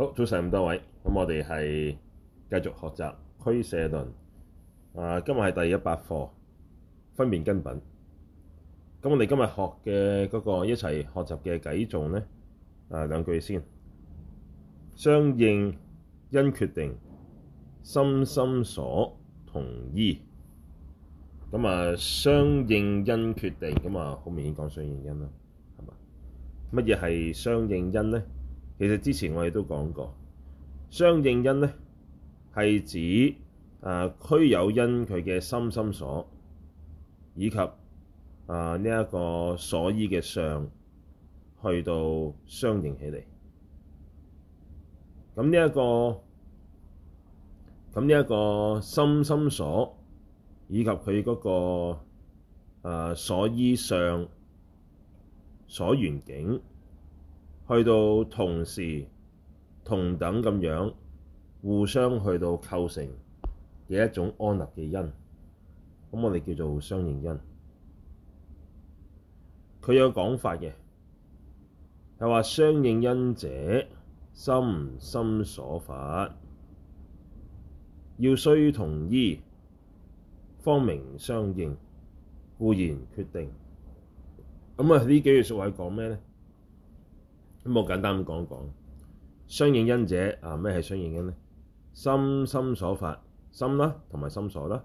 好，早晨咁多位，咁我哋係繼續學習俱舍論。啊，今日係第一百課，分別根品。咁我哋今日學嘅嗰個一齊學習嘅偈頌咧，啊兩句先。相應因決定心心所同依。咁啊，相應因決定，咁啊，好明顯講相應因啦，係嘛？乜嘢係相應因咧？其實之前我哋都講過，相應因咧係指啊，俱、呃、有因佢嘅心心所，以及啊呢一個所依嘅相，去到相應起嚟。咁呢一個，咁呢一個心心所，以及佢嗰、那個啊、呃、所依相，所緣境。去到同時同等咁樣互相去到構成嘅一種安立嘅因，咁我哋叫做相應因。佢有講法嘅，係話相應因者，心心所法，要須同依，方名相應，故言決定。咁啊，呢幾句說話講講咩咧？咁我簡單咁講講，相應因者啊，咩係相應因呢？心心所法，心啦，同埋心所啦，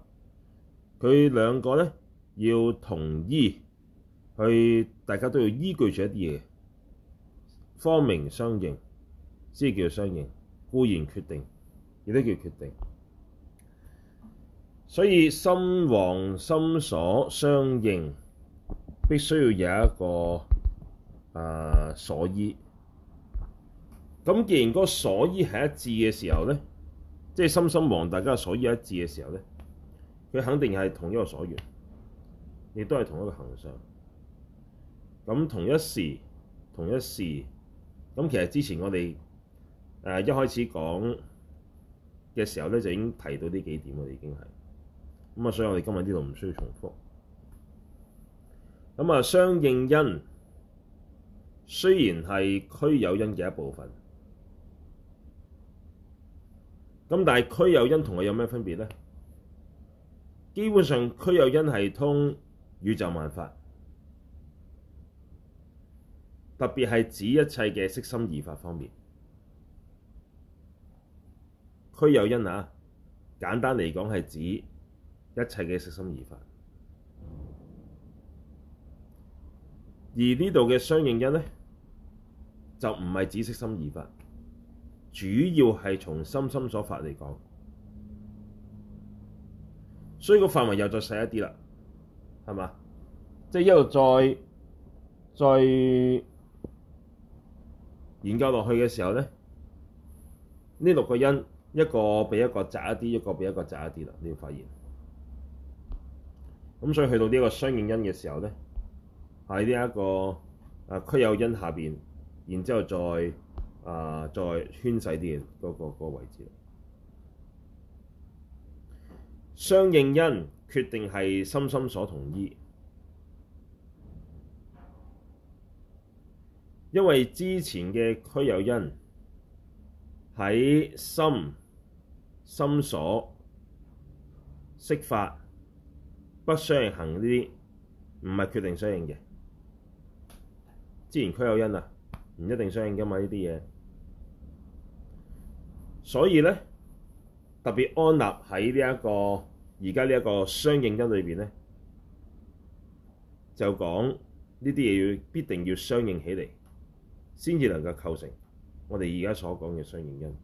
佢兩個咧要同依去，大家都要依據住一啲嘢，方名相應先叫相應，故言決定亦都叫決定。所以心王心所相應，必須要有一個啊、呃、所依。咁既然個所依係一致嘅時候咧，即係心心王大家所依一致嘅時候咧，佢肯定係同一個所緣，亦都係同一個行相。咁同一時，同一時。咁其實之前我哋、呃、一開始講嘅時候咧，就已經提到呢幾點，我哋已經係咁啊！所以我哋今日呢度唔需要重複。咁啊，相應因雖然係俱有因嘅一部分。咁但係區有因同我有咩分別咧？基本上區有因係通宇宙萬法，特別係指一切嘅色心二法方面。區有因啊，簡單嚟講係指一切嘅色心二法，而呢度嘅相應因咧，就唔係指色心二法。主要係從心心所發嚟講，所以個範圍又再細一啲啦，係嘛？即係一路再再研究落去嘅時候咧，呢六個因一個比一個窄一啲，一個比一個窄一啲啦，你要發現。咁所以去到呢個相應因嘅時候咧，喺呢一個啊俱有因下邊，然之後再。啊！再圈細啲嘅嗰個嗰個位置。相應因決定係心心所同依，因為之前嘅俱有因喺心心所色法，不相應行嗰啲，唔係決定相應嘅。之前俱有因啊，唔一定相應㗎嘛呢啲嘢。所以咧，特別安立喺呢一個而家呢一個相應因裏邊咧，就講呢啲嘢要必定要相應起嚟，先至能夠構成我哋而家所講嘅相應因。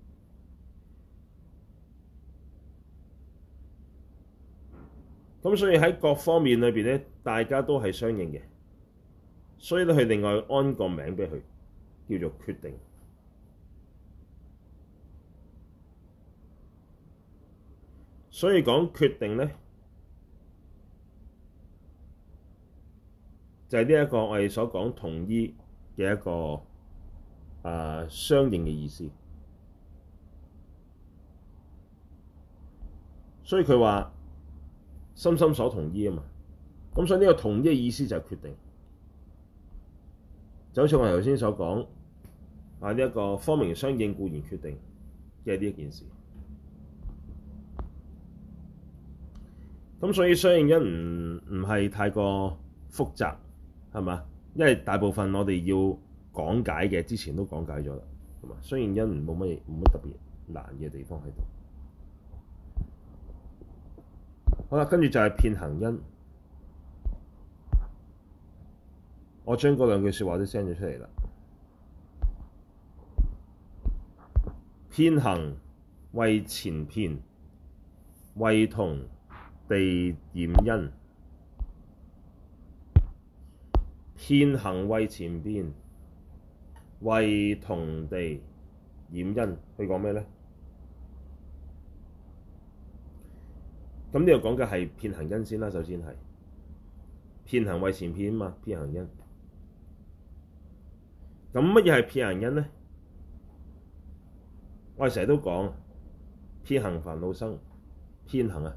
咁所以喺各方面裏邊咧，大家都係相應嘅，所以咧，佢另外安個名俾佢叫做決定。所以講決定呢，就係呢一個我哋所講同依嘅一個相應嘅意思。所以佢話心心所同依啊嘛，咁所以呢個同依嘅意思就係決定，就好似我頭先所講啊，呢一個方名相應固然決定嘅呢件事。咁所以相應因唔唔係太過複雜，係嘛？因為大部分我哋要講解嘅之前都講解咗啦，係嘛？相應因冇乜冇乜特別難嘅地方喺度。好啦，跟住就係「遍行因」。我將嗰兩句説話都 send 咗出嚟啦。遍行謂前遍，為同地染因，遍行謂前遍，為同地染因。佢講咩呢？咁呢度講嘅係遍行因先啦。首先係遍行，行謂前遍嘛，遍行因。咁乜嘢係遍行因咧？我哋成日都講遍行煩惱生，遍行啊！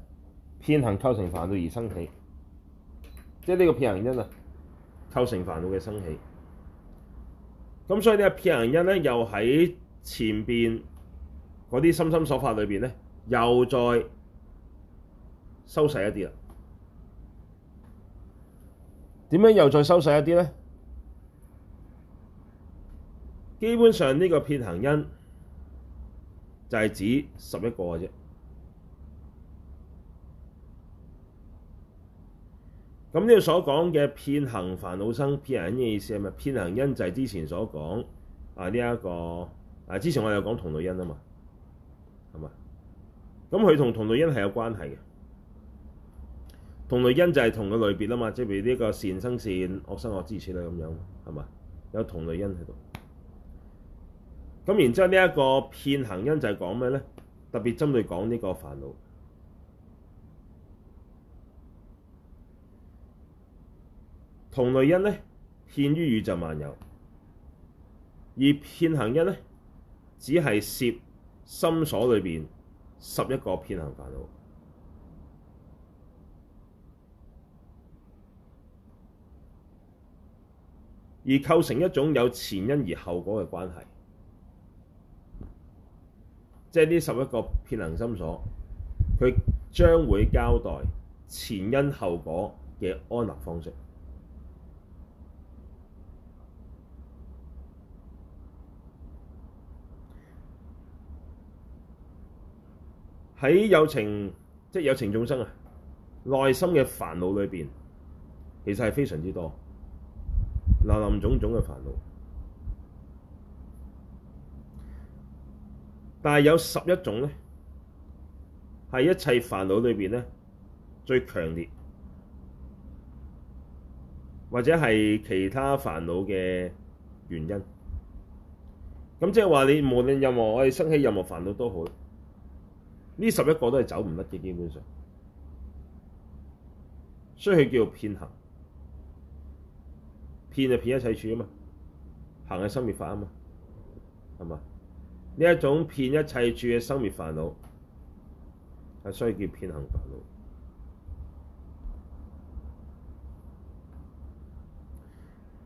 遍行構成煩惱而生起，即係呢個遍行因啊，構成煩惱嘅生起，咁所以呢個遍行因咧又喺前邊嗰啲心心所法裏邊咧又再收細一啲啦。點樣又再收細一啲咧？基本上呢個遍行因就係指十一個嘅啫。咁呢度所講嘅遍行煩惱生遍係咩意思啊？咪？遍行因就係之前所講啊呢一個啊，之前我哋有講同類因啊嘛，係嘛？咁佢同同類因係有關係嘅，同類因就係同個類別啊嘛，即係譬如呢個善生善，惡生惡之類咁樣，係嘛？有同類因喺度。咁然之後呢一個遍行因就係講咩咧？特別針對講呢個煩惱。同類因咧，遍於宇宙萬有；而遍行因咧，只係涉心所裏邊十一個遍行煩惱，而構成一種有前因而後果嘅關係。即係呢十一個遍行心所，佢將會交代前因後果嘅安立方式。喺有情，即係有情眾生啊，內心嘅煩惱裏面其實係非常之多，林林種種嘅煩惱。但係有十一種呢，係一切煩惱裏面呢，最強烈，或者係其他煩惱嘅原因。咁即係話你無論任何，我哋生起任何煩惱都好。呢十一個都係走唔甩嘅，基本上，所以佢叫做遍行。遍就遍一切處啊嘛，行係生滅法啊嘛，係嘛？呢一種遍一切處嘅生滅煩惱係所以叫遍行煩惱。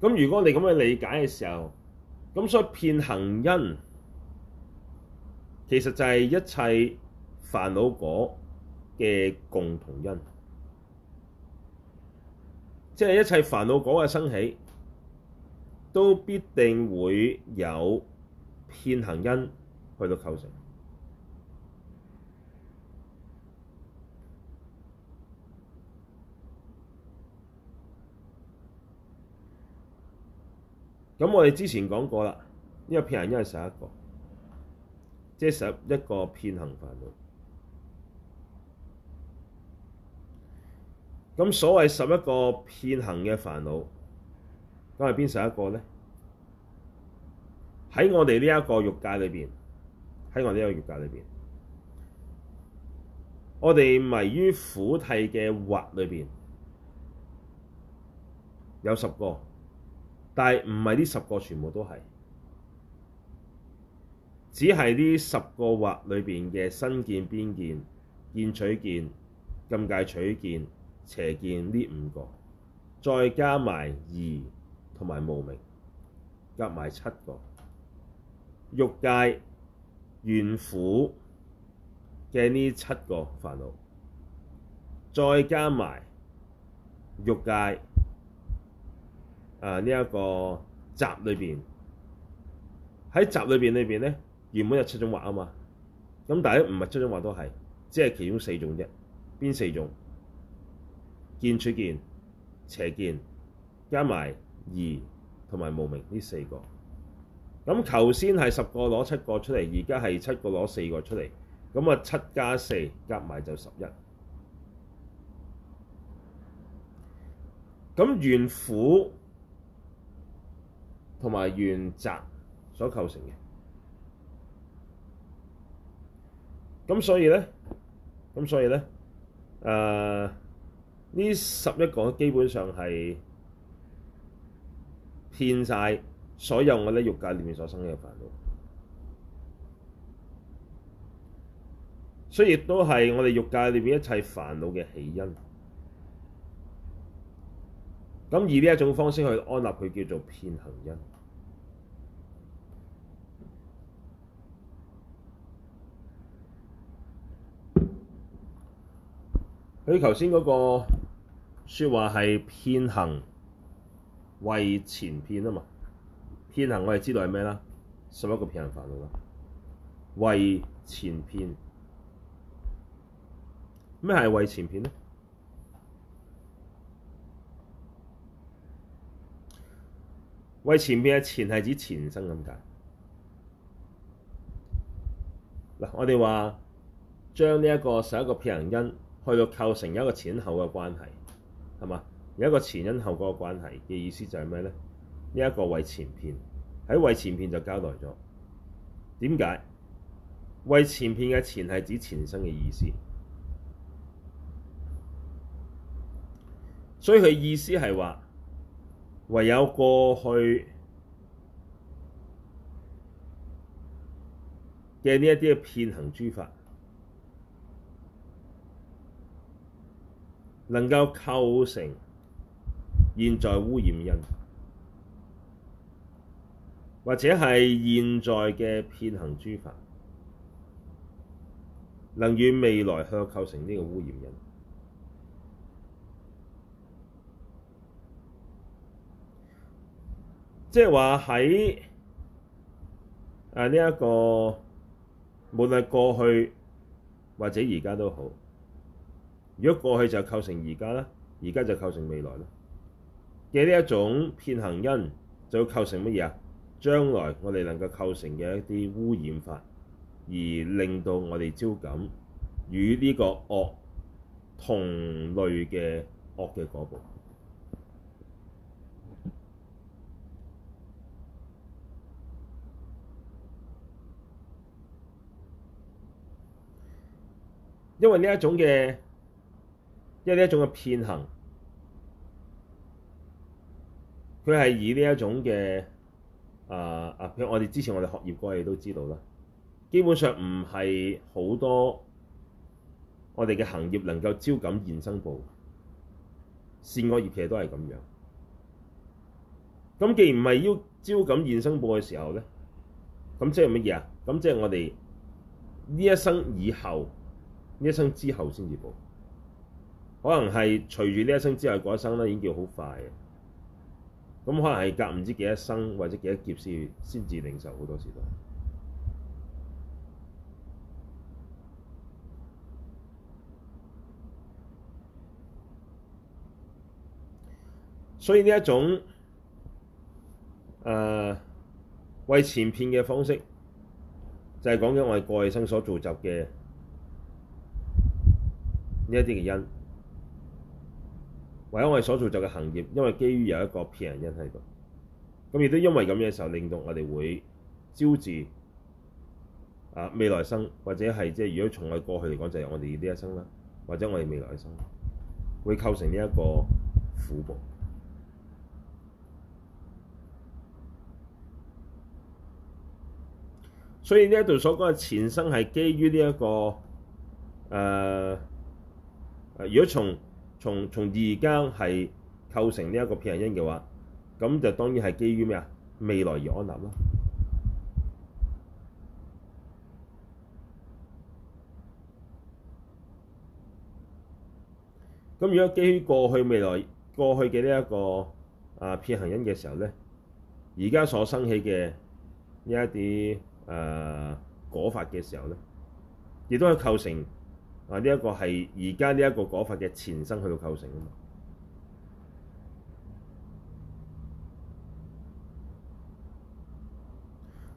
咁如果你哋咁樣理解嘅時候，咁所以遍行因，其實就係一切。煩惱果嘅共同因，即係一切煩惱果嘅生起，都必定會有遍行因去到構成。咁我哋之前講過啦，呢個遍行因係十一個，即係十一個遍行煩惱。咁所謂十一個遍行嘅煩惱，咁係邊十一個咧？喺我哋呢一個欲界裏面，喺我哋呢個欲界裏面，我哋迷於苦諦嘅惑裏面有十個，但係唔係呢十個全部都係，只係呢十個惑裏邊嘅身見、邊見、見取見、禁戒取見。邪見呢五個，再加埋疑同埋無明，加埋七個欲界怨苦嘅呢七個煩惱，再加埋欲界啊呢一個集裏邊，喺集裏邊裏邊咧，原本有七種惑啊嘛，咁但係咧，唔係七種惑都係，只係其中四種啫，邊四種？見取見邪見加埋疑同埋無明呢四個，咁頭先係十個攞七個出嚟，而家係七個攞四個出嚟，咁啊七加四夾埋就十一，咁緣苦同埋緣集所構成嘅，咁所以咧，咁所以咧，誒、呃。呢十一個基本上係遍曬所有我哋欲界裏面所生嘅煩惱，所以亦都係我哋欲界裏面一切煩惱嘅起因。咁以呢一種方式去安立佢叫做遍行因。佢頭先嗰個説話係遍行謂前遍啊嘛，遍行我哋知道係咩啦？十一個遍行法度啦，謂前遍，咩係謂前遍咧？謂前遍嘅前係指前生咁解，我哋話將呢一個十一個遍行因。去到構成一個前因後嘅關係，係嘛？有一個前因後果嘅關係嘅意思就係咩咧？呢一個謂前遍，喺謂前遍就交代咗點解，為什麼前遍嘅前係指前生嘅意思，所以佢意思係話唯有過去嘅呢一啲嘅遍行諸法。能夠構成現在污染因，或者係現在嘅遍行諸法，能與未來去構成呢個污染因，即係話喺誒，呢一個無論過去或者而家都好。如果過去就構成而家啦，而家就構成未來啦。嘅呢一種遍行因就會構成乜嘢啊？將來我哋能夠構成嘅一啲污染法，而令到我哋招感與呢個惡同類嘅惡嘅果報，因為呢一種嘅。即係呢一種嘅遍行，佢係以呢一種嘅啊啊！譬、呃、如我哋之前我哋學業過去都知道啦。基本上唔係好多我哋嘅行業能夠招緊現生報，善惡業其實都係咁樣。咁既然唔係要招緊現生報嘅時候咧，咁即係乜嘢啊？咁即係我哋呢一生以後，呢一生之後先至報。可能係隨住呢一生之後嗰一生咧，已經叫好快嘅。咁可能係隔唔知幾一生或者幾多劫先先至領受好多時代。所以呢一種誒、呃、為前遍嘅方式，就係、是、講緊我哋過去生所造就嘅呢一啲嘅因。或者我哋所做就嘅行業，因為基於有一個遍行因喺度，咁亦都因為咁嘅時候，令到我哋會招致啊未來生，或者係即係如果從我哋過去嚟講，就係、是、我哋呢一生啦，或者我哋未來生，會構成呢一個苦報。所以呢一度所講嘅前生係基於呢、這、一個誒誒、呃，如果從從從而家係構成呢一個遍行因嘅話，咁就當然係基於咩啊？未來而安立啦。咁如果基於過去未來過去嘅呢一個啊遍行因嘅時候咧，而家所生起嘅呢一啲誒、呃、果法嘅時候咧，亦都係構成。啊！呢一個係而家呢一個果法嘅前生去到構成啊嘛，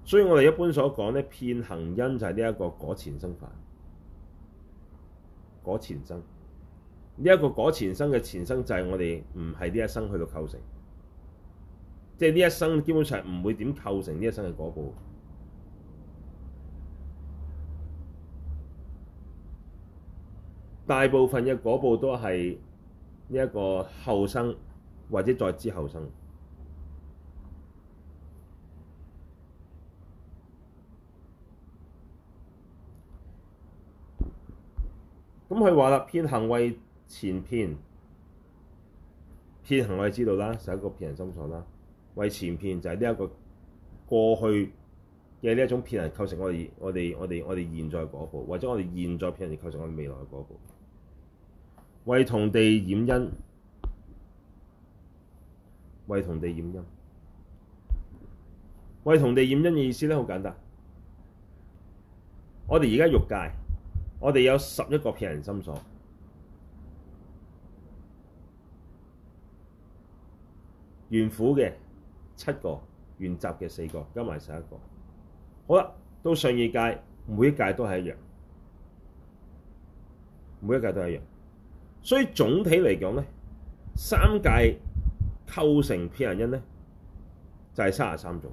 所以我哋一般所講咧，遍行因就係呢一個果前生法，果前生呢一個果前生嘅前生就係我哋唔係呢一生去到構成，即係呢一生基本上唔會點構成呢一生嘅果報。大部分嘅果報都係呢一個後生，或者再之後生。咁佢話啦：遍行謂前遍，遍行為知道啦，就係一個遍行心所啦。謂前遍就係呢一個過去嘅呢一種遍行構成我哋我哋我哋我哋現在果報，或者我哋現在遍行哋構成我哋未來果報。為同地染因，為同地染因，為同地染因嘅意思咧，好簡單。我哋而家欲界，我哋有十一個遍行心所，緣苦嘅七個，緣集嘅四個，加埋十一個，好啦，到上二界，每一界都係一樣，每一界都係一樣。所以總體嚟講咧，三界構成遍行因咧，就係三十三種。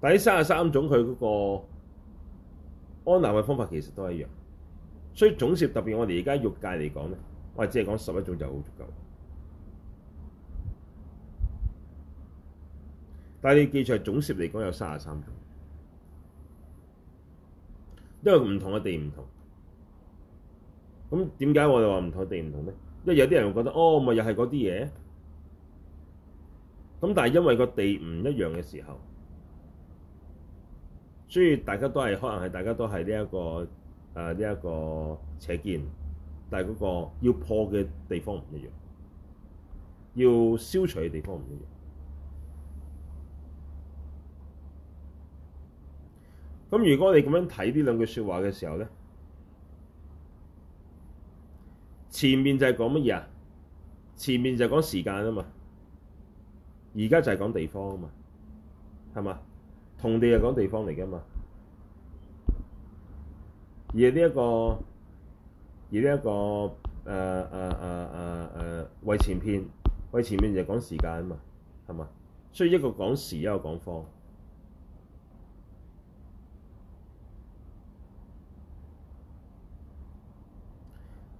但係三十三種，佢嗰個安撫嘅方法其實都係一樣。所以總攝，特別我哋而家欲界嚟講咧，我係只係講十一種就好足夠。但係你記住，總攝嚟講有三十三種，因為唔同嘅地唔同。咁點解我哋話唔同地唔同咧？因為有啲人會覺得，哦，咪又係嗰啲嘢。咁但係因為個地唔一樣嘅時候，所以大家都係可能係大家都係呢一個誒呢一個邪見，但係嗰個要破嘅地方唔一樣，要消除嘅地方唔一樣。咁如果你咁樣睇呢兩句說話嘅時候咧？前面就係講乜嘢啊？前面就係講時間啊嘛，而家就係講地方啊嘛，係嘛？同地就講地方嚟噶嘛，而呢、這個、一個而呢一個誒誒誒誒誒，為前篇為前面就係講時間啊嘛，係嘛？所以一個講時，一個講方。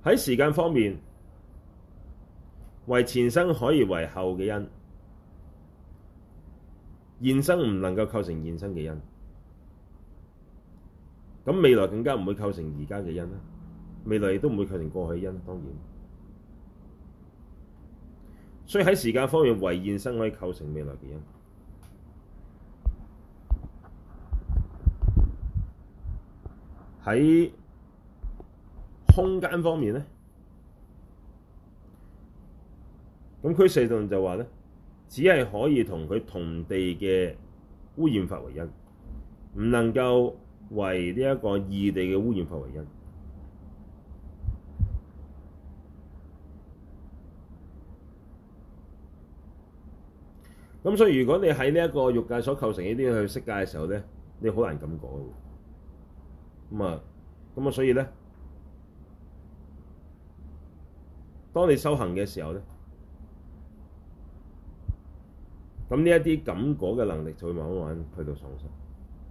喺時間方面，為前生可以為後嘅因，現生唔能夠構成現生嘅因，咁未來更加唔會構成而家嘅因啦。未來亦都唔會構成過去嘅因，當然。所以喺時間方面，為現生可以構成未來嘅因，喺。空間方面咧，咁區四棟就話咧，只係可以同佢同地嘅污染法為因，唔能夠為呢一個異地嘅污染法為因。咁所以如果你喺呢一個欲界所構成呢啲去色界嘅時候咧，你好難咁講嘅。咁啊，咁啊，所以咧。當你修行嘅時候咧，咁呢一啲感覺嘅能力就會慢慢去到喪失。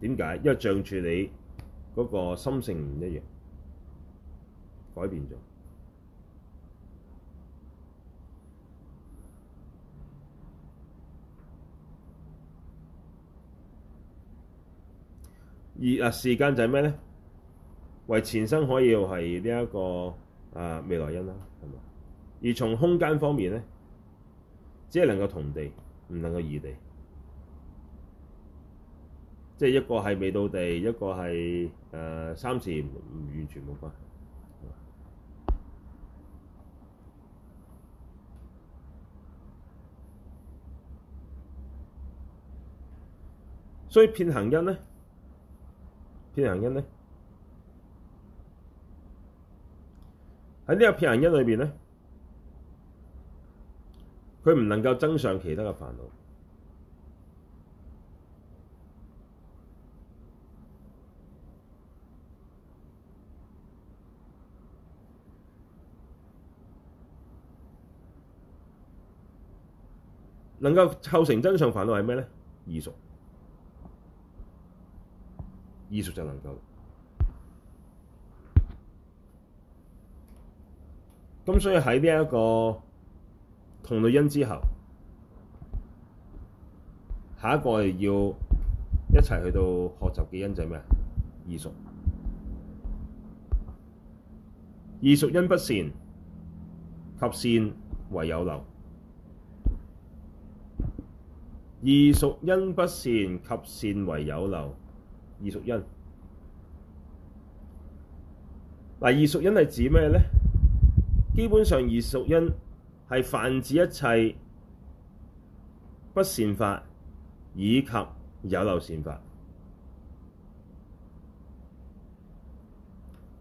點解？因為仗住你嗰個心性唔一樣，改變咗而啊，時間就係咩咧？為前生可以係呢一個啊未來因啦。而從空間方面呢，只係能夠同地，唔能夠異地，即係一個係未到地，一個係、呃、三時唔完全冇關係。所以遍行因呢？遍行因呢？喺呢個遍行因裏面呢。佢唔能夠增上其他嘅煩惱，能夠構成增上煩惱係咩咧？異熟，異熟就能夠。咁所以喺呢一個。同類因之後，下一個要一齊去到學習嘅因就係咩啊？異熟，異熟因不善及善唯有漏，異熟因不善及善唯有漏，異熟因。嗱，異熟因係指咩咧？基本上，異熟因。係泛指一切不善法以及有漏善法。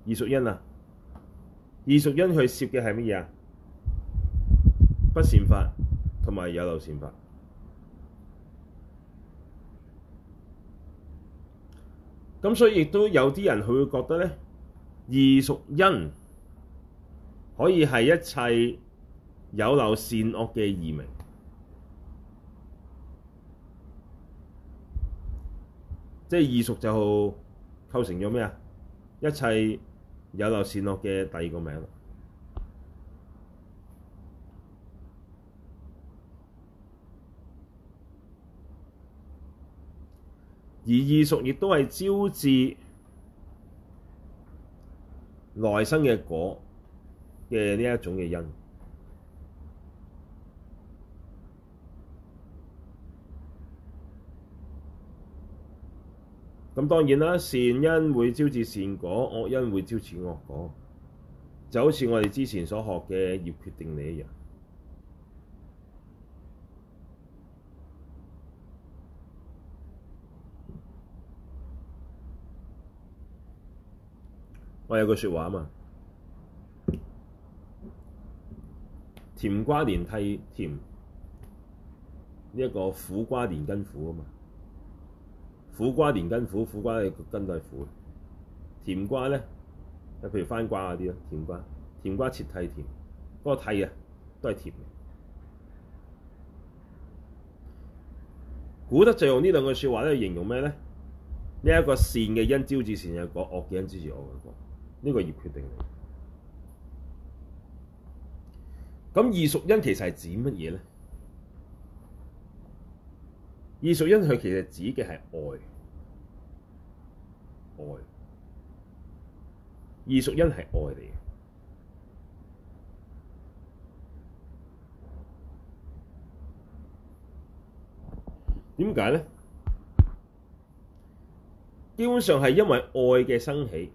異熟因啊，異熟因佢涉嘅係乜嘢啊？不善法同埋有漏善法。咁所以亦都有啲人佢會覺得咧，異熟因可以係一切有漏善惡嘅異名，即係異熟就構成咗咩啊？一切有漏善惡嘅第二個名，而異熟亦都係招致內生嘅果嘅呢一種嘅因。咁當然啦，善因會招致善果，惡因會招致惡果，就好似我哋之前所學嘅業決定理一樣。我有句説話嘛，甜瓜連蒂甜，一個苦瓜連根苦啊嘛。苦瓜連根苦，苦瓜嘅根都係苦嘅。甜瓜咧，譬如番瓜嗰啲咯。甜瓜，甜瓜切蒂甜，嗰個蒂啊，都係甜嘅。古德就用呢兩句説話咧，嚟形容咩咧？呢一個善嘅因招致善嘅果，惡嘅因招致惡嘅果。呢個業決定嚟。咁異熟因其實係指乜嘢咧？異熟因佢其實指嘅係愛，愛異熟因係愛嚟嘅，點解咧？基本上係因為愛嘅生起，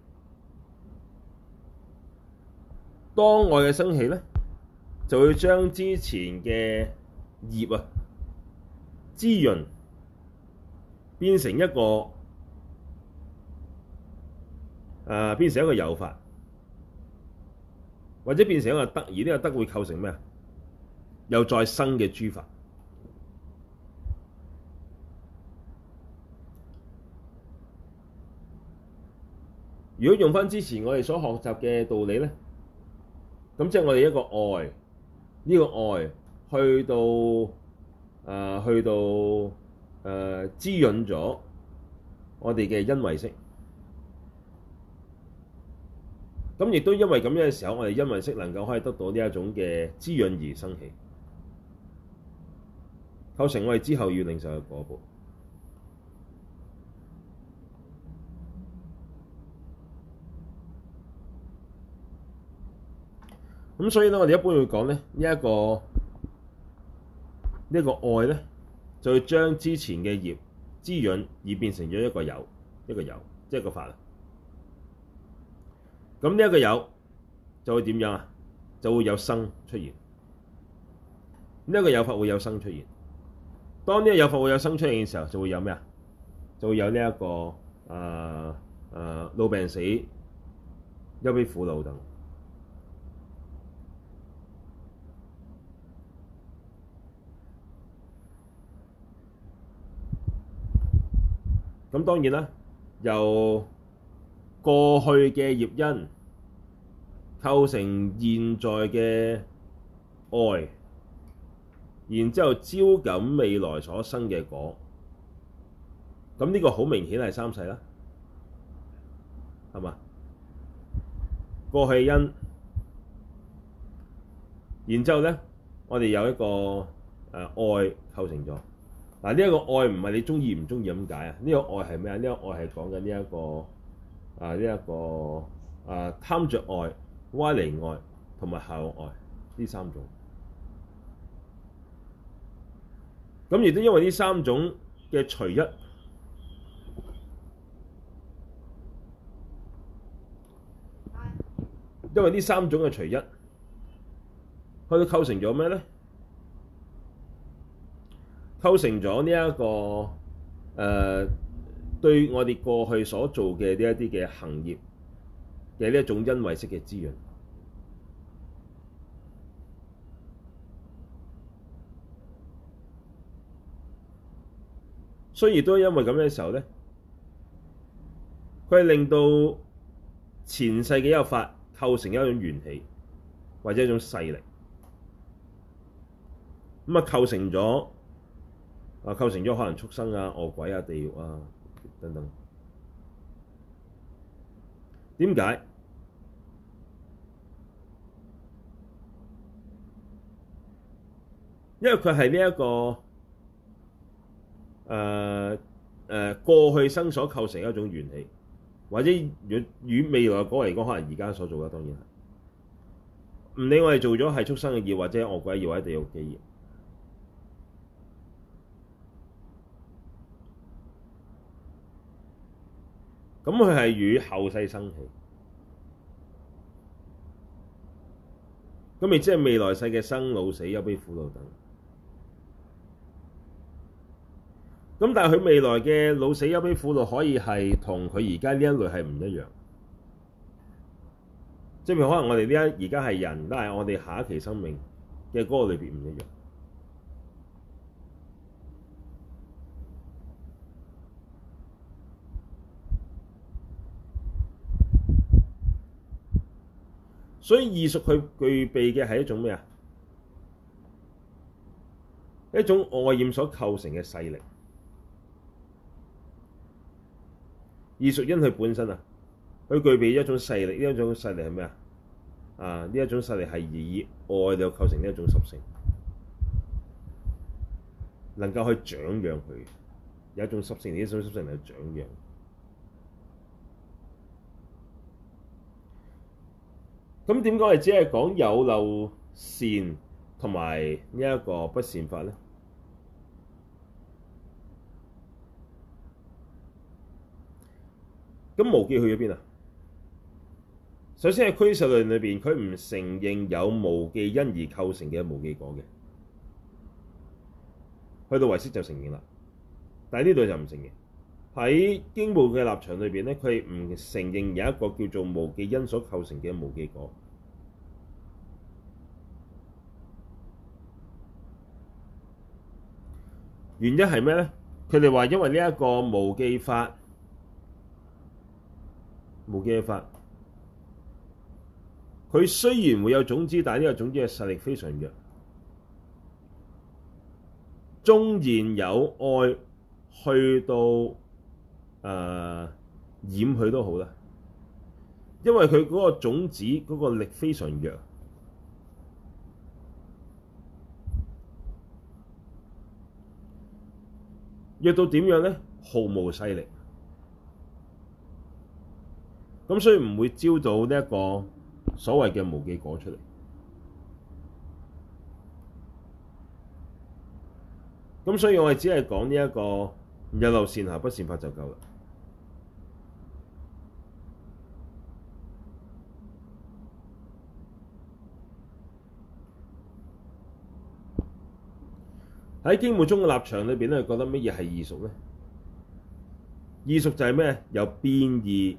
當愛嘅生起咧，就會將之前嘅業啊滋潤。變成一個誒、呃，變成一個有法，或者變成一個德，而呢個德會構成咩啊？又再生嘅諸法。如果用返之前我哋所學習嘅道理咧，咁即係我哋一個愛，呢、這個愛去到誒、呃，去到。誒滋潤咗我哋嘅恩惠識，咁亦都因為咁樣嘅時候，我哋恩惠識能夠可以得到呢一種嘅滋潤而生起，構成我哋之後要領受嘅果報。咁所以咧，我哋一般會講咧、這個，呢一個呢一個愛咧。就會將之前嘅業滋潤而變成咗一個有，一個有，即係個法。咁呢一個有就會點樣啊？就會有生出現。呢、這、一個有法會有生出現。當呢一個有法會有生出現嘅時候，就會有咩啊？就會有呢、這、一個誒誒、呃呃、老病死、憂悲苦惱等。咁當然啦，由過去嘅業因構成現在嘅愛，然之後招感未來所生嘅果。咁呢個好明顯係三世啦，係嘛？過去因，然之後咧，我哋有一個誒愛構成咗。嗱，呢一個愛唔係你中意唔中意咁解啊？呢個愛係咩啊？呢個愛係講緊呢一個啊，呢一個啊貪着愛、歪離愛同埋後愛呢三種。咁亦都因為呢三種嘅隨一，因為呢三種嘅隨一，佢都構成咗咩咧？構成咗呢一個誒、呃、對我哋過去所做嘅呢一啲嘅行業嘅呢一種恩惠式嘅資源。雖然都因為咁樣嘅時候咧，佢係令到前世嘅一法構成一種元氣，或者一種勢力，咁啊構成咗。啊！構成咗可能畜生啊、餓鬼啊、地獄啊等等。點解？因為佢係呢一個誒誒、呃呃、過去生所構成一種元氣，或者與與未來嗰個嚟講，可能而家所做嘅當然係唔理我哋做咗係畜生嘅業，或者餓鬼業，或者地獄嘅業。咁佢係與後世生起。咁亦即係未來世嘅生老死憂悲苦惱等。咁但係佢未來嘅老死憂悲苦惱可以係同佢而家呢一類係唔一樣，即係可能我哋呢一而家係人，但係我哋下一期生命嘅嗰個類別唔一樣。所以異熟佢具備嘅係一種咩啊？一種外焰所構成嘅勢力。異熟因佢本身啊，佢具備一種勢力，呢一種勢力係咩啊？啊，呢一種勢力係以愛嚟構成呢一種濕性，能夠去長養佢。有一種濕性，呢種濕性係長養。咁點講？係只係講有漏善同埋呢一個不善法咧。咁無記去咗邊啊？首先喺俱舍論裏邊，佢唔承認有無記因而構成嘅無記果嘅。去到唯識就承認啦，但係呢度就唔承認。喺經部嘅立場裏邊咧，佢唔承認有一個叫做無記因所構成嘅無記果。原因係咩咧？佢哋話因為呢一個無記法、無記法，佢雖然會有種子，但呢個種子嘅勢力非常弱。縱然有愛去到。誒，掩佢都好啦，因為佢嗰個種子嗰個力非常弱，弱到點樣咧？毫無勢力，咁所以唔會招到呢一個所謂嘅無記果出嚟。咁所以我哋只係講呢一個有漏善下不善法就夠啦。喺經部中嘅立場裏邊咧，你覺得乜嘢係異熟咧？異熟就係咩？由變異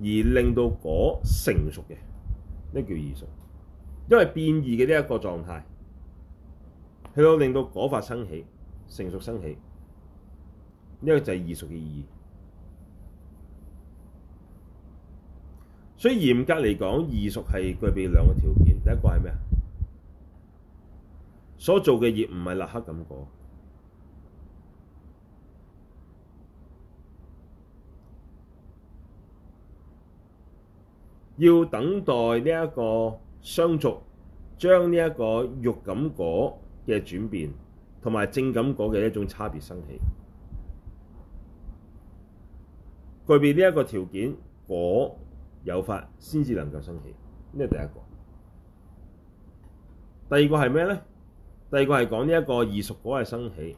而令到果成熟嘅，呢叫異熟。因為變異嘅呢一個狀態，係可令到果發生起成熟生起。呢、這個就係異熟嘅意義。所以嚴格嚟講，異熟係具備兩個條件，第一個係咩啊？所做嘅業唔係立刻感果，要等待呢一個相續，將呢一個欲感果嘅轉變，同埋正感果嘅一種差別生起，具備呢一個條件，果有法先至能夠生起，呢係第一個。第二個係咩咧？第二個係講呢一個異熟果嘅生起，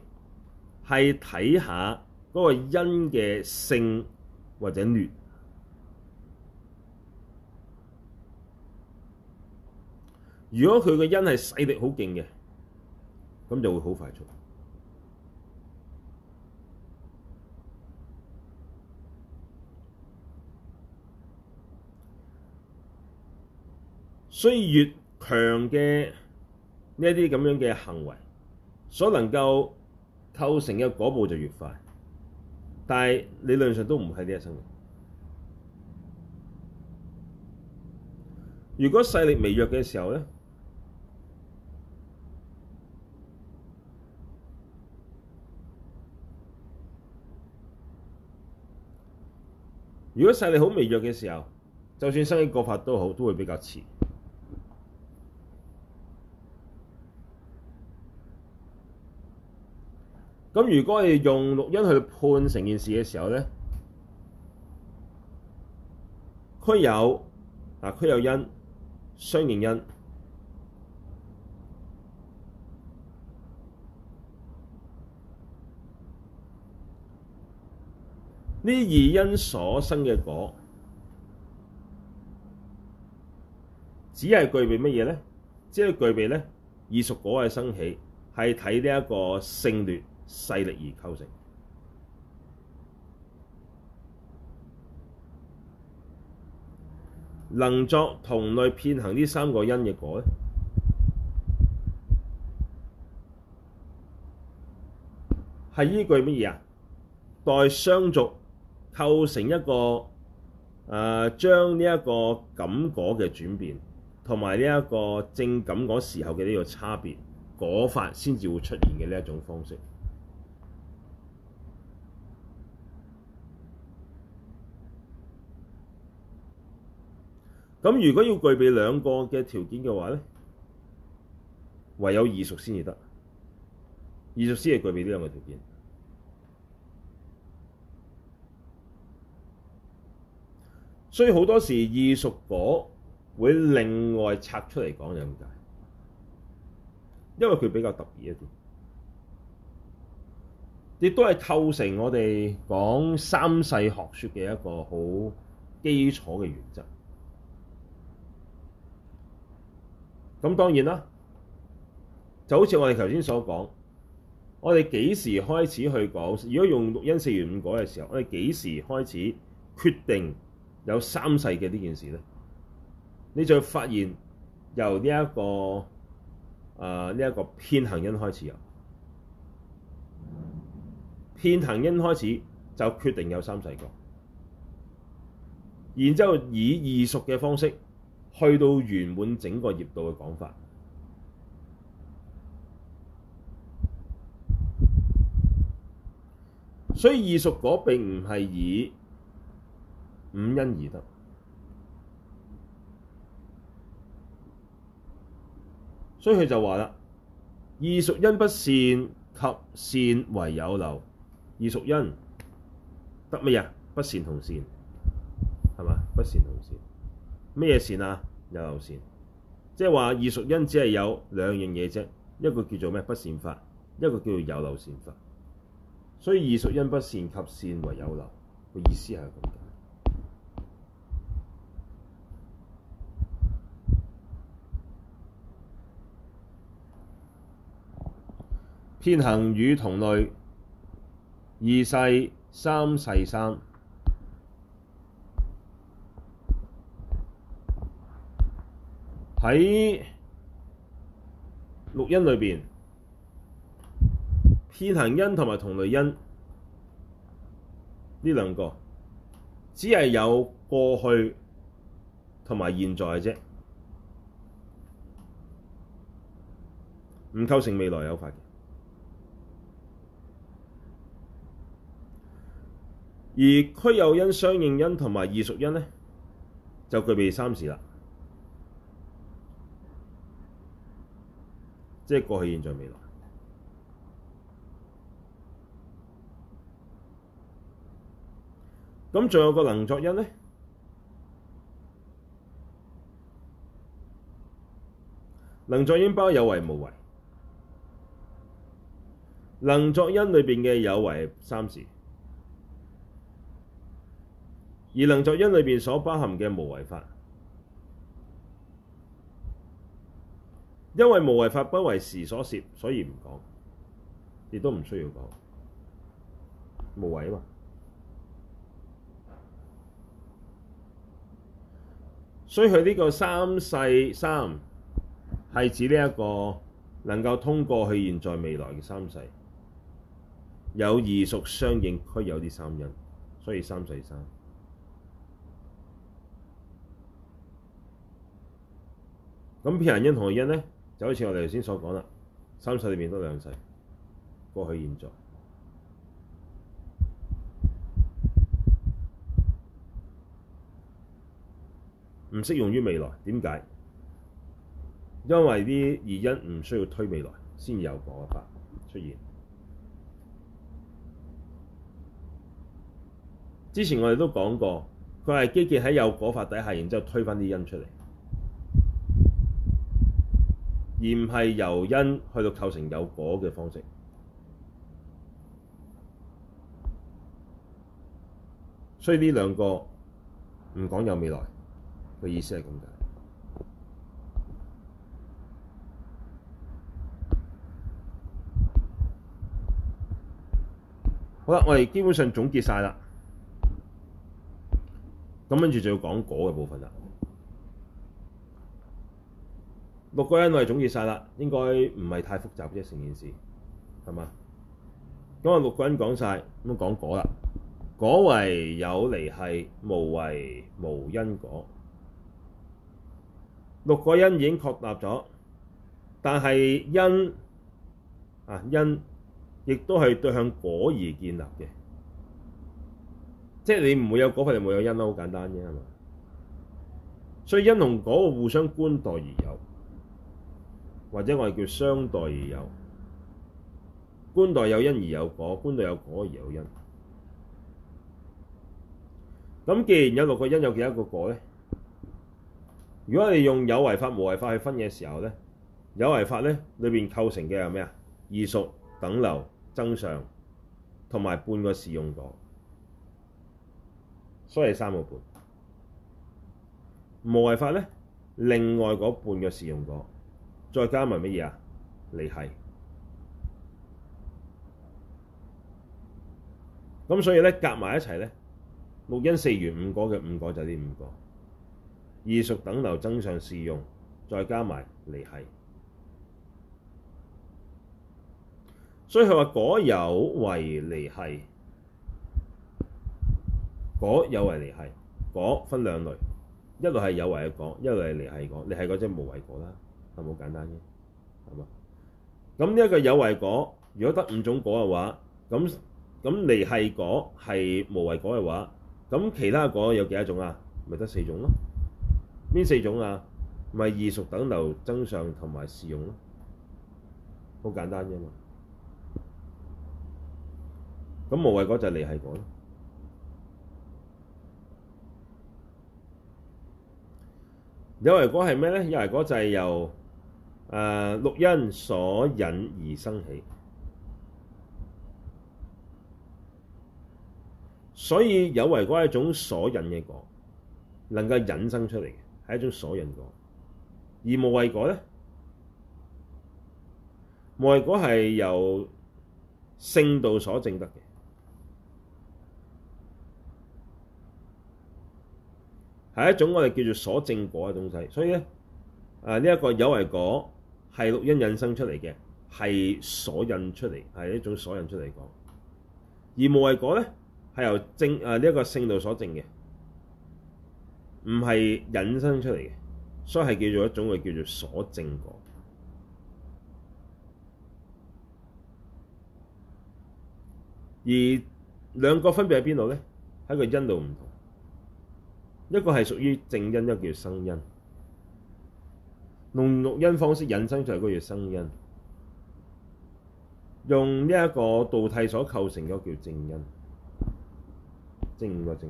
係睇下嗰個因嘅勝或者劣。如果佢嘅因係勢力好勁嘅，咁就會好快速。所以越強嘅。呢啲咁樣嘅行為，所能夠構成嘅果報就越快，但係理論上都唔係呢一生。如果勢力微弱嘅時候咧，如果勢力好微弱嘅時候，就算生起果法都好，都會比較遲。咁如果我哋用六因去判成件事嘅時候咧，俱有嗱，俱有因、相應因，呢二因所生嘅果，只係具備乜嘢咧？只係具備咧，異熟果嘅生起係睇呢一個勝劣。勢力而構成，能作、同類、遍行呢三個因嘅果咧，係依據乜嘢啊？待相續構成一個誒、呃，將呢一個感果嘅轉變，同埋呢一個正感果時候嘅呢個差別果法，先至會出現嘅呢一種方式。咁如果要具備兩個嘅條件嘅話咧，唯有異熟先至得，異熟先係具備呢兩個條件。所以好多時異熟果會另外拆出嚟講，有冇解？因為佢比較特別一啲，亦都係構成我哋講三世學説嘅一個好基礎嘅原則。咁當然啦，就好似我哋頭先所講，我哋幾時開始去講？如果用六因四緣五果嘅時候，我哋幾時開始決定有三世嘅呢件事咧？你就發現由呢、這、一個啊呢一、這個遍行因開始啊，遍行因開始就決定有三世個，然之後以異熟嘅方式。去到圓滿整個業道嘅講法，所以異熟果並唔係以五因而得，所以佢就話啦：異熟因不善及善為有漏，異熟因得乜嘢？不善同善，係嘛？不善同善。咩善啊？有漏善，即係話異熟因只係有兩樣嘢啫，一個叫做咩不善法，一個叫做有漏善法。所以異熟因不善及善為有漏，個意思係咁。遍行與同類二世三世三。在錄音裏邊，遍行因同埋同類因呢兩個，只係有過去同埋現在嘅啫，唔構成未來有法。而俱有因、相應因同埋異熟因呢，就具備三時了。即係過去、現在、未來。咁仲有個能作因呢？能作因包有為無為，能作因裏面嘅有為三時，而能作因裏面所包含嘅無為法。因為無為法不為時所攝，所以唔講，亦都唔需要講無為嘛。所以佢呢個三世三是指呢一個能夠通過去現在未來嘅三世有異熟相應、俱有嘅三因，所以三世三。咁遍行因同類因呢？就好似我哋頭先所講啦，三世裏面都兩世，過去現在，唔適用於未來。點解？因為啲二因唔需要推未來先有果法出現。之前我哋都講過，佢係基建喺有果法底下，然之後推返啲因出嚟。而唔係由因去到構成有果嘅方式，所以呢兩個唔講有未來嘅意思係咁解。好啦，我哋基本上總結晒啦，咁跟住就要講果嘅部分啦。六個因我係總結晒啦，應該唔係太複雜啫，成件事係嘛？咁我六個因講晒，咁講果啦。果為有離繫，無為無因果。六個因已經確立咗，但係因啊因亦都係對向果而建立嘅，即係你唔會有果，佢哋冇有因啦，好簡單啫係嘛？所以因同果互相觀待而有。或者我哋叫相待而有，觀待有因而有果，觀待有果而有因。咁既然有六個因，有幾多個果咧？如果你用有為法、無為法去分嘅時候咧，有為法咧，裏邊構成嘅係咩啊？異熟、等流、增上同埋半個士用果，所以係三個半。無為法咧，另外嗰半個士用果。再加埋乜嘢啊？離係咁，所以咧，夾埋一齊咧，六因四緣五果嘅五果就係呢五個異熟等流增上士用，再加埋離係，所以佢話果有為離係果有為離係果分兩類，一路係有為果，一路係離係果。離係果即係無為果啦。就好簡單嘅，係嘛？咁呢一個有為果，如果得五種果嘅話，咁咁離繫果係無為果嘅話，咁其他果有幾多種啊？咪得四種咯。邊四種啊？咪異熟、等流、增上同埋士用咯、啊。好簡單啫嘛。咁無為果就係離繫果咯、啊。有為果係咩咧？有為果就係由誒六因所引而生起，所以有為果係一種所引嘅果，能夠引生出嚟嘅係一種所引果，而無為果咧，無為果係由聖道所證得嘅，係一種我哋叫做所證果嘅東西。所以咧，誒呢一個有為果。係六因引生出嚟嘅，係所引出嚟，係一種所引出嚟講。而無為果咧，係由正誒呢一個聖道所證嘅，唔係引生出嚟嘅，所以係叫做一種嘅叫做所證果。而兩個分別喺邊度咧？喺個因度唔同一，一個係屬於證因，一又叫生因。用六因方式引申就生，就係嗰個生因。用呢一個倒替所構成嘅叫證因，證咪證。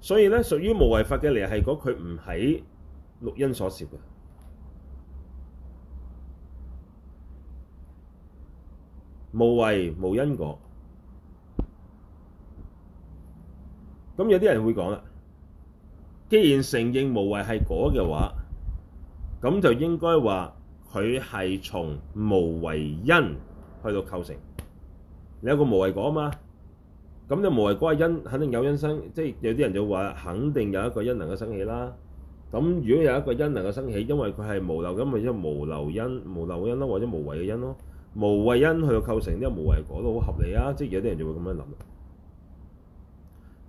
所以呢，屬於無為法嘅離繫果佢唔係六因所攝嘅，無為無因果。咁有啲人會講啦，既然承認無為係果嘅話，咁就應該話佢係從無為因去到構成。你有個無為果啊嘛，咁你無為果係因，肯定有因生，即係有啲人就話肯定有一個因能夠生起啦。咁如果有一個因能夠生起，因為佢係無漏，咁咪即係無漏因、無漏因咯，或者無為嘅因咯，無為因去到構成呢個無為果都好合理啊！即係有啲人就會咁樣諗。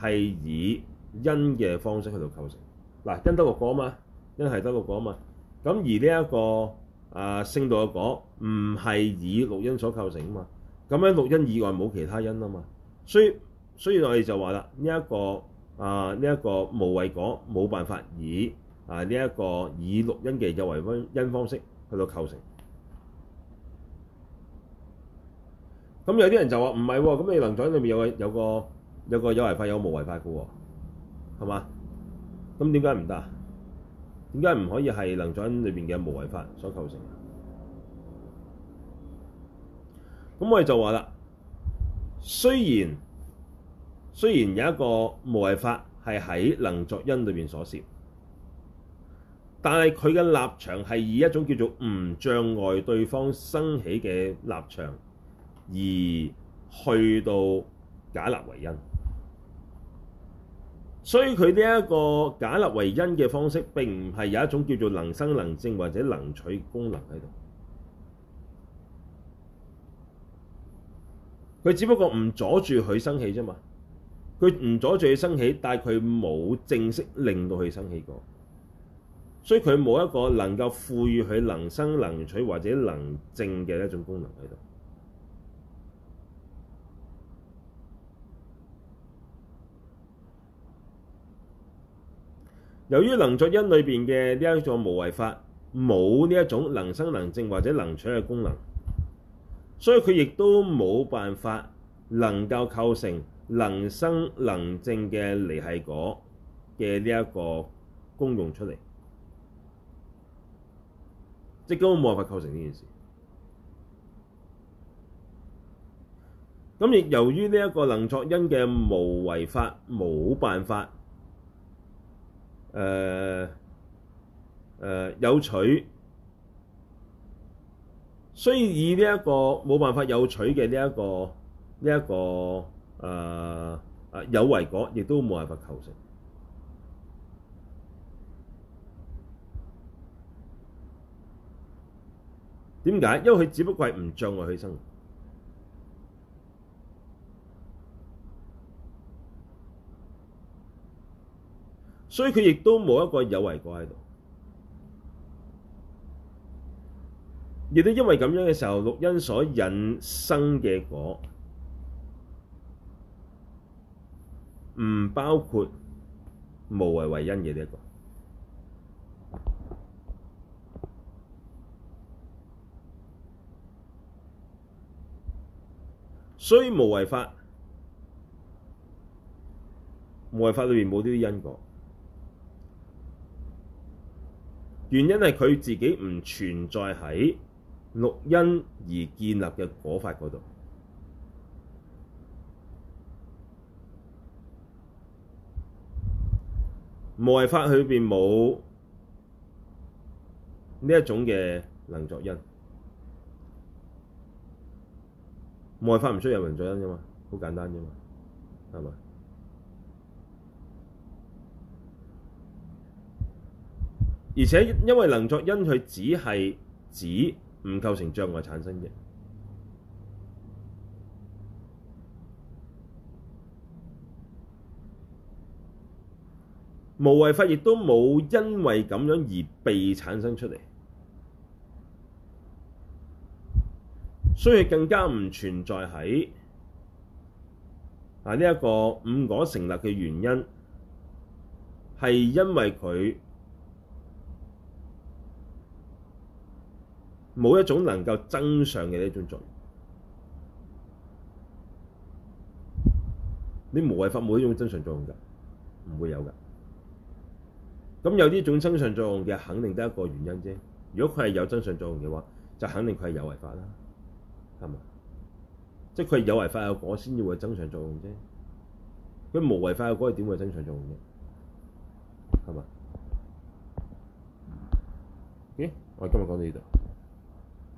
係以因嘅方式去到構成嗱，因得六個啊嘛，因係得六個啊嘛，咁而呢、這、一個啊聖道果唔係以六因所構成啊嘛，咁咧六因以外冇其他因啊嘛，所以所以我哋就話啦，呢、這、一個啊呢一、這個無為果冇辦法以啊呢一、這個以六因嘅有為方因方式去到構成，咁有啲人就話唔係喎，咁、啊、你能在裏面有個有個。有個有為法，有無為法嘅喎，係嘛？咁點解唔得啊？點解唔可以係能作因裏邊嘅無為法所構成？咁我哋就話啦，雖然雖然有一個無為法係喺能作因裏邊所涉，但係佢嘅立場係以一種叫做唔障礙對方生起嘅立場而去到假立為因。所以佢呢一個假立為因嘅方式，並唔係有一種叫做能生能證或者能取功能喺度。佢只不過唔阻住佢生起啫嘛。佢唔阻住佢生起，但係佢冇正式令到佢生起過。所以佢冇一個能夠賦予佢能生能取或者能證嘅一種功能喺度。由於能作因裏面嘅呢一種無為法冇呢一種能生能證或者能取嘅功能，所以佢亦都冇辦法能夠構成能生能證嘅離繫果嘅呢一個功用出嚟，即係根本冇辦法構成呢件事。咁亦由於呢一個能作因嘅無為法冇辦法。誒誒、呃呃、有取，所以以呢一個冇辦法有取嘅呢一個呢一、這個誒誒、呃、有為果，亦都冇辦法構成。點解？因為佢只不過係唔障礙佢生活。所以佢亦都冇一個有為果喺度，亦都因為咁樣嘅時候，六因所引生嘅果，唔包括無為為因嘅呢一個。所以無為法，無為法裏面冇呢啲因果。原因係佢自己唔存在喺六因而建立嘅果法嗰度，外法裏邊冇呢一種嘅能作因，外法唔出有能作因啫嘛，好簡單啫嘛，係嘛？而且，因為能作因佢只係指唔構成障礙產生嘅無為法，亦都冇因為咁樣而被產生出嚟，所以更加唔存在喺啊呢一個五果成立嘅原因，係因為佢。冇一種能夠增上嘅一種作用，你無為法冇一種增上作用㗎，唔會有㗎。咁有呢種增上作用嘅，肯定得一個原因啫。如果佢係有增上作用嘅話，就肯定佢係有為法啦，係嘛？即係佢係有為法嘅果先至會有增上作用啫。佢無為法嘅果係點會有增上作用啫？係嘛？咦？我哋今日講到呢度。